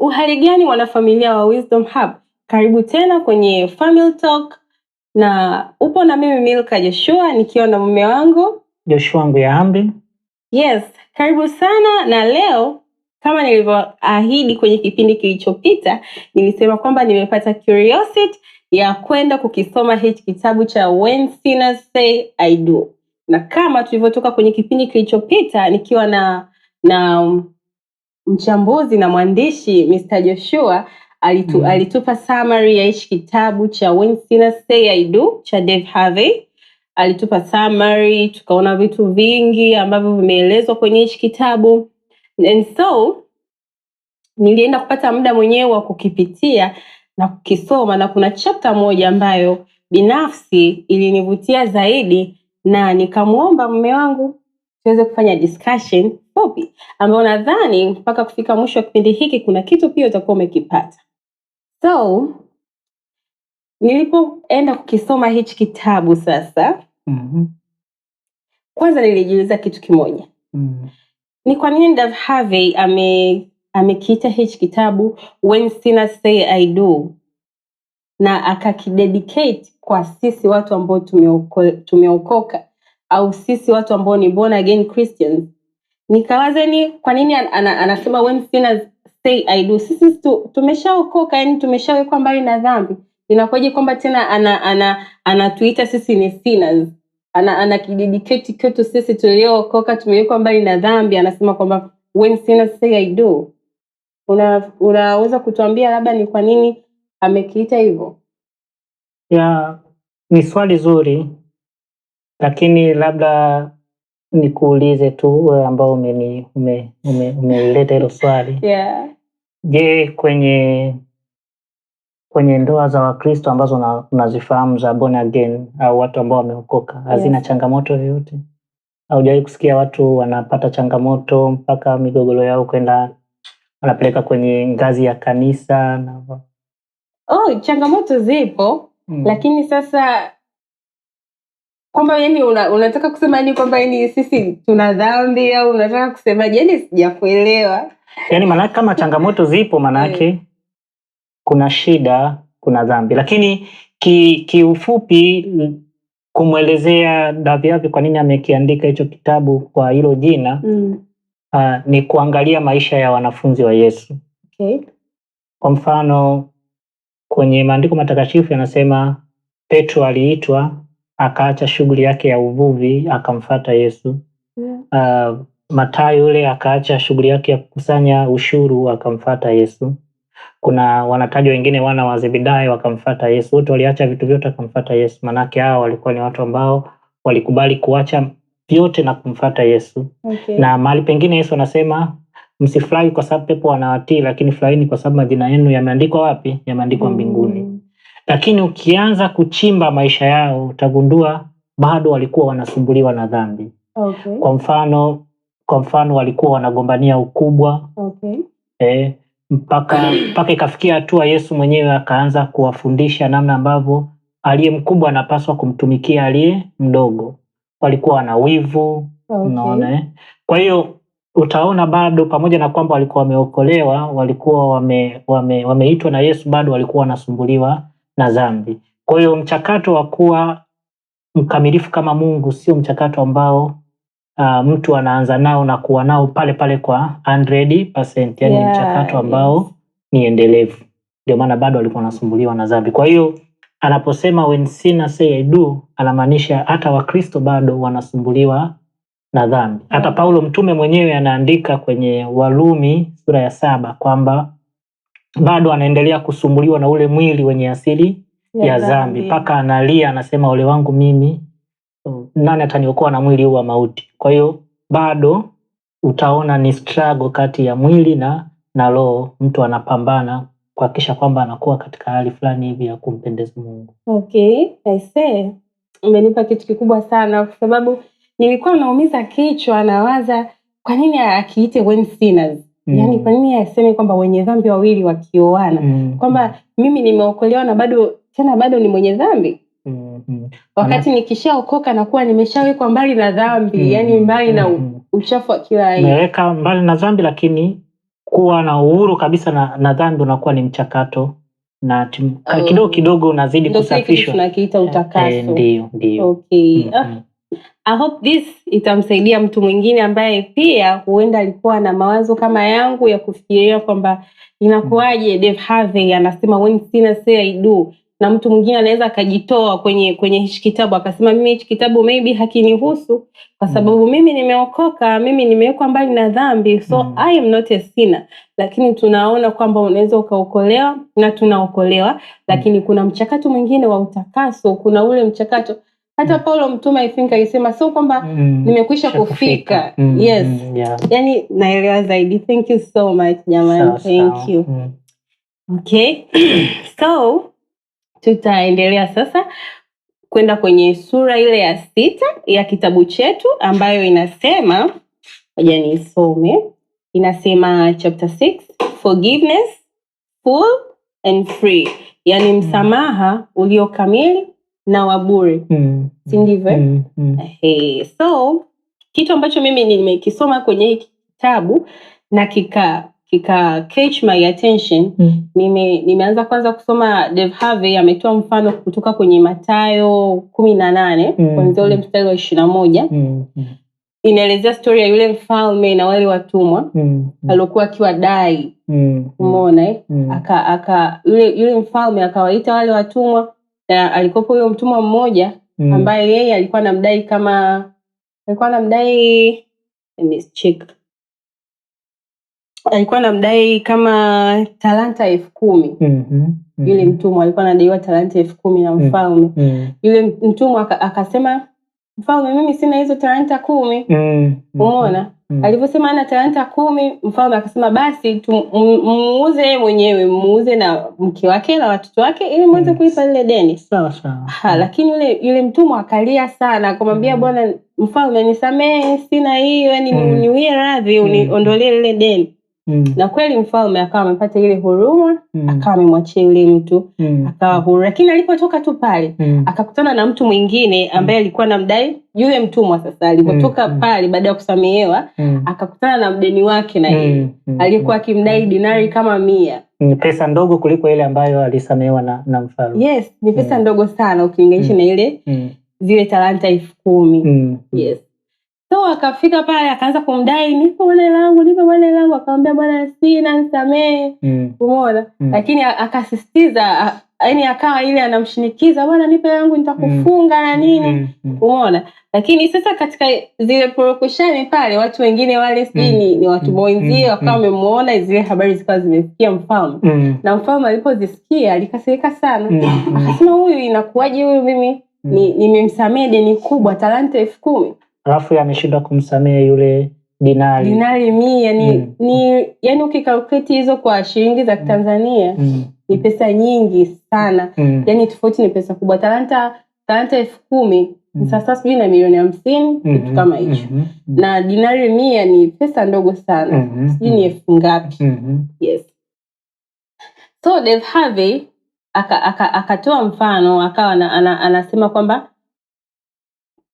Uhali gani wanafamilia wa Wisdom Hub, karibu tena kwenye Family Talk na upo na mimi Milka Joshua nikiwa na mume wangu Joshua Nguyahambi. Yes, karibu sana na leo kama nilivyoahidi kwenye kipindi kilichopita, nilisema kwamba nimepata curiosity ya kwenda kukisoma hichi kitabu cha When Sinners Say I Do, na kama tulivyotoka kwenye kipindi kilichopita nikiwa na na mchambuzi na mwandishi Mr. Joshua alitu, mm. alitupa summary ya hichi kitabu cha When Sinners Say I Do cha Dave Harvey. Alitupa summary, tukaona vitu vingi ambavyo vimeelezwa kwenye hichi kitabu and so nilienda kupata muda mwenyewe wa kukipitia na kukisoma, na kuna chapta moja ambayo binafsi ilinivutia zaidi, na nikamwomba mume wangu tuweze kufanya discussion fupi ambao nadhani mpaka kufika mwisho wa kipindi hiki kuna kitu pia utakuwa umekipata. So nilipoenda kukisoma hichi kitabu sasa, mm -hmm. Kwanza nilijiuliza kitu kimoja, mm -hmm. Ni kwa nini Dave Harvey ame amekiita hichi kitabu When sina Say I Do na akakidedicate kwa sisi watu ambao tumeokoka au sisi watu ambao ni born again Christians nikawaza ni kwa nini an, an, anasema when sinners say I do. Sisi tu, tumeshaokoka yani tumeshawekwa mbali na dhambi, inakuwaje kwamba tena ana, ana, anatuita sisi ni sinners ana, ana kidediketi kwetu sisi tuliookoka tumewekwa mbali na dhambi, anasema kwamba when sinners say I do. Una, unaweza kutuambia labda ni kwa nini amekiita hivyo? Ya, ni swali zuri, lakini labda nikuulize tu wewe ambao umeleta hilo swali Je, kwenye kwenye ndoa za Wakristo ambazo unazifahamu za born again au watu ambao wameokoka hazina yes. changamoto yoyote? aujawai kusikia watu wanapata changamoto mpaka migogoro yao kwenda wanapeleka kwenye ngazi ya kanisa na... oh, changamoto zipo mm. Lakini sasa kwamba yani una, unataka kusema yani kwamba yani sisi tuna dhambi au unataka kusema Yani sijakuelewa. Yani maanake kama changamoto zipo, maanake mm. kuna shida, kuna dhambi, lakini kiufupi ki kumwelezea Davyavy kwa nini amekiandika hicho kitabu kwa hilo jina mm. Uh, ni kuangalia maisha ya wanafunzi wa Yesu okay. Kwa mfano kwenye maandiko matakatifu yanasema Petro aliitwa akaacha shughuli yake ya uvuvi akamfata Yesu. Yeah. Uh, Matayo yule akaacha shughuli yake ya kukusanya ushuru akamfata Yesu. Kuna wanatajwa wengine wana wa Zebedayo wakamfata Yesu. Wote waliacha vitu vyote akamfata Yesu. Maanake hao walikuwa ni watu ambao walikubali kuacha vyote na kumfata Yesu. Okay. Na mahali pengine Yesu anasema msifurahi kwa sababu pepo wanawatii, lakini furahini kwa sababu majina yenu yameandikwa wapi? Yameandikwa mm. mbinguni. Lakini ukianza kuchimba maisha yao utagundua bado walikuwa wanasumbuliwa na dhambi. Okay. Kwa mfano kwa mfano walikuwa wanagombania ukubwa. Okay. Eh, mpaka mpaka ikafikia hatua Yesu mwenyewe akaanza kuwafundisha namna ambavyo aliye mkubwa anapaswa kumtumikia aliye mdogo. Walikuwa wana wivu, okay. Unaona eh? Kwa hiyo utaona bado pamoja na kwamba walikuwa wameokolewa, walikuwa wame, wame, wameitwa na Yesu bado walikuwa wanasumbuliwa na dhambi. Kwa hiyo mchakato wa kuwa mkamilifu kama Mungu sio mchakato ambao uh, mtu anaanza nao na kuwa nao pale pale kwa 100%, yani yeah, mchakato ambao yes, ni endelevu. Ndio maana bado alikuwa anasumbuliwa na dhambi. Kwa hiyo anaposema when say I do, anamaanisha hata Wakristo bado wanasumbuliwa na dhambi. Hata Paulo mtume mwenyewe anaandika kwenye Warumi sura ya saba kwamba bado anaendelea kusumbuliwa na ule mwili wenye asili ya, ya zambi mpaka analia, anasema ole wangu mimi, nani ataniokoa na mwili huu wa mauti? Kwa hiyo bado utaona ni struggle kati ya mwili na na roho, mtu anapambana kuhakikisha kwamba anakuwa katika hali fulani hivi ya kumpendeza Mungu. Okay, I say umenipa kitu kikubwa sana, kwa sababu nilikuwa naumiza kichwa, nawaza kwa nini akiite when sinners Mm. Yaani kwa nini aseme kwamba wenye dhambi wawili wakioana mm. kwamba mm. mimi nimeokolewa na bado tena bado ni mwenye dhambi mm. mm. wakati nikishaokoka nakuwa nimeshawekwa mbali na dhambi mm. yani mbali mm. na mm. uchafu wa kila aina. mbali na dhambi, lakini kuwa na uhuru kabisa na, na dhambi unakuwa ni mchakato na oh. kidogo kidogo unazidi kusafishwa. Tunakiita eh, utakaso. Ndio, ndio. Okay. Mm -hmm. ah. Mm. I hope this itamsaidia mtu mwingine ambaye pia huenda alikuwa na mawazo kama yangu ya kufikiria kwamba inakuwaje Dave Harvey anasema when sina say I do, na mtu mwingine anaweza akajitoa kwenye kwenye hichi kitabu akasema mimi hichi kitabu maybe hakinihusu kwa mm. sababu mimi nimeokoka, mimi nimewekwa mbali na dhambi, so mm. I am not a sinner. Lakini tunaona kwamba unaweza ukaokolewa na tunaokolewa, lakini mm. kuna mchakato mwingine wa utakaso, kuna ule mchakato hata mm. Paulo Mtume I think alisema sio kwamba mm. nimekwisha kufika mm. yes yeah. Yani naelewa zaidi. Thank you so much jamani, thank you mm. Okay so tutaendelea sasa kwenda kwenye sura ile ya sita ya kitabu chetu ambayo inasema, ngoja niisome. Inasema chapter 6 forgiveness full and free, yani mm. msamaha ulio kamili na waburi mm. si ndivyo mm. mm. mm. hey, so kitu ambacho mimi nimekisoma kwenye hii kitabu na kika kika catch my attention mm. nime, nimeanza kwanza kusoma dehave ametoa mfano kutoka kwenye matayo kumi na nane mm. kwanzia ule mm. mstari wa ishirina moja mm. mm. inaelezea stori ya yule mfalme na wale watumwa mm. aliokuwa akiwa dai mm. umeona eh? mm. aka, aka yule, yule mfalme akawaita wale watumwa na alikopo huyo mtumwa mmoja mm. ambaye yeye alikuwa anamdai kama alikuwa anamdai check alikuwa anamdai kama talanta elfu kumi mm -hmm, mm yule mtumwa alikuwa anadaiwa talanta elfu kumi na mm, mfalme mm -hmm. yule mtumwa akasema mfalme mimi sina hizo talanta kumi mm -hmm. umeona mm. Mm. Alivyosema talanta kumi, mfalme akasema basi muuze mwenyewe, muuze na mke wake na watoto wake ili muweze yes. Mm. kulipa lile deni. Sawa sawa. Ha, mm. lakini yule yule mtumwa akalia sana, akamwambia hmm. bwana mfalme, nisamehe, sina hiyo, yani hmm. niwie radhi, mm. uniondolee lile deni. Mm. Na kweli mfalme akawa amepata ile huruma mm. akawa amemwachia yule mtu mm. akawa huru, lakini alipotoka tu pale mm. akakutana na mtu mwingine mm. ambaye alikuwa na mdai yule mtumwa. Sasa alipotoka mm. mm. pale baada ya kusamehewa mm. akakutana na mdeni wake na mm. yeye mm. aliyekuwa akimdai dinari kama mia ni pesa ndogo kuliko ile ambayo alisamehewa na, na mfalme. Yes, ni pesa mm. ndogo sana ukilinganisha mm. na ile mm. zile talanta elfu kumi mm. yes So akafika pale akaanza kumdai nipe bwana langu, nipe bwana langu, akamwambia bwana sina, nisamee. Mm. Umeona? Mm. Lakini akasisitiza yaani akawa ile anamshinikiza bwana nipe yangu nitakufunga na mm. nini mm. mm. umeona lakini sasa katika zile porokushani pale watu wengine wale sijui mm. ni watu mm. mwenzie wakawa wamemuona zile habari zikawa zimefikia mfalme mm. na mfalme alipozisikia alikasirika sana mm. akasema huyu inakuwaje huyu mimi mm. nimemsamee ni deni kubwa talanta elfu kumi alafu ameshindwa kumsamehe yule dinari dinari mi yani mm. ni yani ukikalkuleti hizo kwa shilingi za Tanzania mm. mm. ni pesa nyingi sana mm. yani tofauti ni pesa kubwa talanta talanta elfu kumi mm. sasa sijui na milioni hamsini mm-hmm. kitu kama hicho mm-hmm. na dinari mia ni pesa ndogo sana mm-hmm. sijui ni elfu ngapi mm-hmm. yes so Dave Harvey akatoa aka, aka, mfano akawa ana, ana, anasema kwamba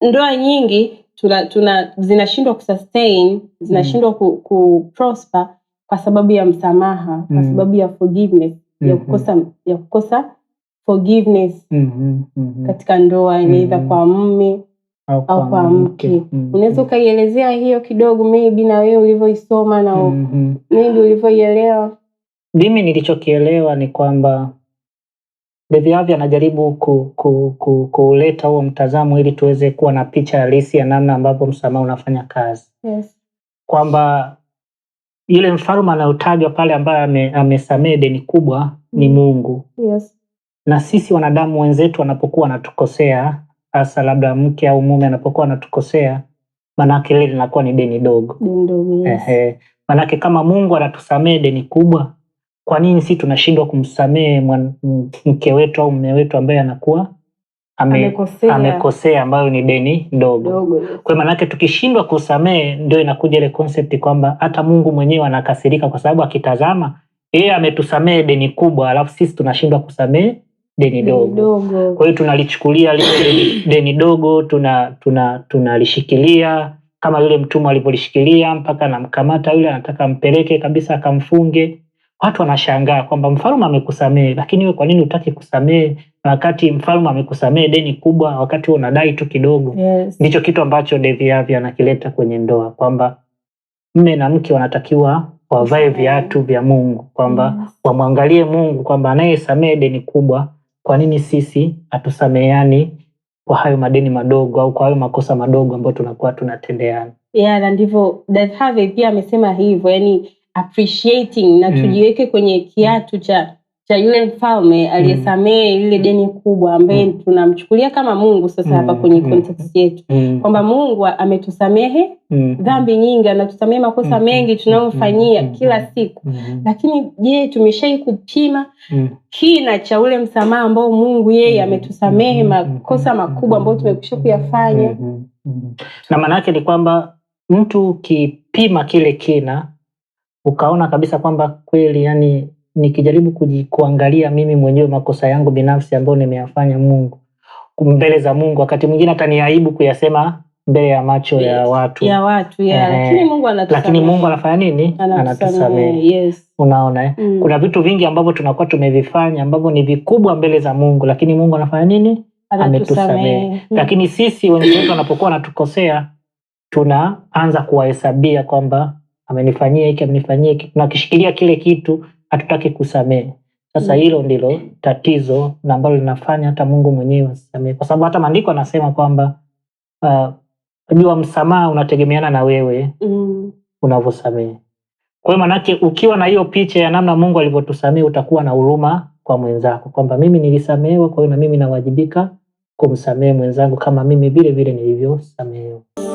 ndoa nyingi tuna, tuna zinashindwa kusustain zinashindwa mm. ku, ku prosper kwa sababu ya msamaha kwa mm. sababu ya forgiveness mm-hmm. ya kukosa ya kukosa forgiveness mm-hmm. Mm-hmm. katika ndoa mm-hmm. kwa mme au kwa, mke, mm-hmm. unaweza ukaielezea hiyo kidogo maybe na wewe ulivyoisoma na mm-hmm. maybe ulivyoielewa mimi nilichokielewa ni kwamba Bevyavy anajaribu ku, ku, ku, kuuleta huo mtazamo ili tuweze kuwa na picha halisi ya namna ambavyo msamaha unafanya kazi yes. Kwamba yule mfalme anayotajwa pale ambaye amesamee deni kubwa ni mm. Mungu yes. Na sisi wanadamu wenzetu wanapokuwa anatukosea hasa labda mke au mume anapokuwa anatukosea, maanaake lile linakuwa ni deni dogo yes. Ehe, maanake kama Mungu anatusamee deni kubwa kwa nini si tunashindwa kumsamehe mke wetu au mme wetu ambaye anakuwa ame, amekosea. amekosea ambayo ni deni ndogo Kwa maanake tukishindwa kusamehe, ndio inakuja ile concept kwamba hata Mungu mwenyewe anakasirika, kwa sababu akitazama yeye ametusamehe deni kubwa, alafu sisi tunashindwa kusamehe deni dogo. Kwa hiyo tunalichukulia lile deni, deni dogo tunalishikilia, tuna, tuna kama yule mtumwa alivyolishikilia mpaka anamkamata yule, anataka ampeleke kabisa akamfunge watu wanashangaa kwamba mfalme amekusamee lakini wewe kwa nini hutaki kusamee wakati mfalme amekusamee deni kubwa, wakati wewe unadai tu kidogo? Yes. Ndicho kitu ambacho Dave Harvey anakileta kwenye ndoa kwamba mme na mke wanatakiwa wavae viatu vya Mungu, kwamba yes, wamwangalie Mungu kwamba anayesamee deni kubwa, kwa nini sisi hatusameheani kwa hayo madeni madogo au kwa hayo makosa madogo ambayo tunakuwa tunatendeana? Yeah, na ndivyo Dave Harvey pia amesema hivyo, yani appreciating na mm. tujiweke kwenye kiatu cha cha yule mfalme aliyesamehe mm. ile deni kubwa ambaye mm. tunamchukulia kama Mungu sasa hapa mm. kwenye mm. context yetu mm. kwamba Mungu ametusamehe mm. dhambi nyingi, anatusamehe makosa mm. mengi tunayofanyia mm. kila siku, mm. lakini je, tumeshai kupima mm. kina cha ule msamaha ambao Mungu yeye ametusamehe makosa makubwa ambayo tumekwisha kuyafanya? mm. Na maana yake ni kwamba mtu ukipima kile kina ukaona kabisa kwamba kweli, yani nikijaribu kuangalia mimi mwenyewe makosa yangu binafsi ambayo nimeyafanya Mungu mbele za Mungu, wakati mwingine hata ni aibu kuyasema mbele ya macho yes, ya watu ya watu ya, eh, lakini Mungu anatusamehe, lakini Mungu anafanya nini? Anatusamehe. Yes, unaona eh? Mm. Kuna vitu vingi ambavyo tunakuwa tumevifanya ambavyo ni vikubwa mbele za Mungu, lakini Mungu anafanya nini? Ametusamehe. Mm. Lakini sisi wengi wetu wanapokuwa wanatukosea tunaanza kuwahesabia kwamba amenifanyia hiki, amenifanyia hiki, tunakishikilia kile kitu, hatutaki kusamehe. Sasa mm. hilo ndilo tatizo na ambalo linafanya hata Mungu mwenyewe asisamehe, kwa sababu hata maandiko anasema kwamba uh, jua msamaha unategemeana na wewe mm. unavyosamehe. Kwa hiyo manake, ukiwa na hiyo picha ya namna Mungu alivyotusamehe utakuwa na huruma kwa mwenzako, kwamba mimi nilisamehewa, kwa hiyo na mimi nawajibika kumsamehe mwenzangu kama mimi vile vile nilivyosamehewa.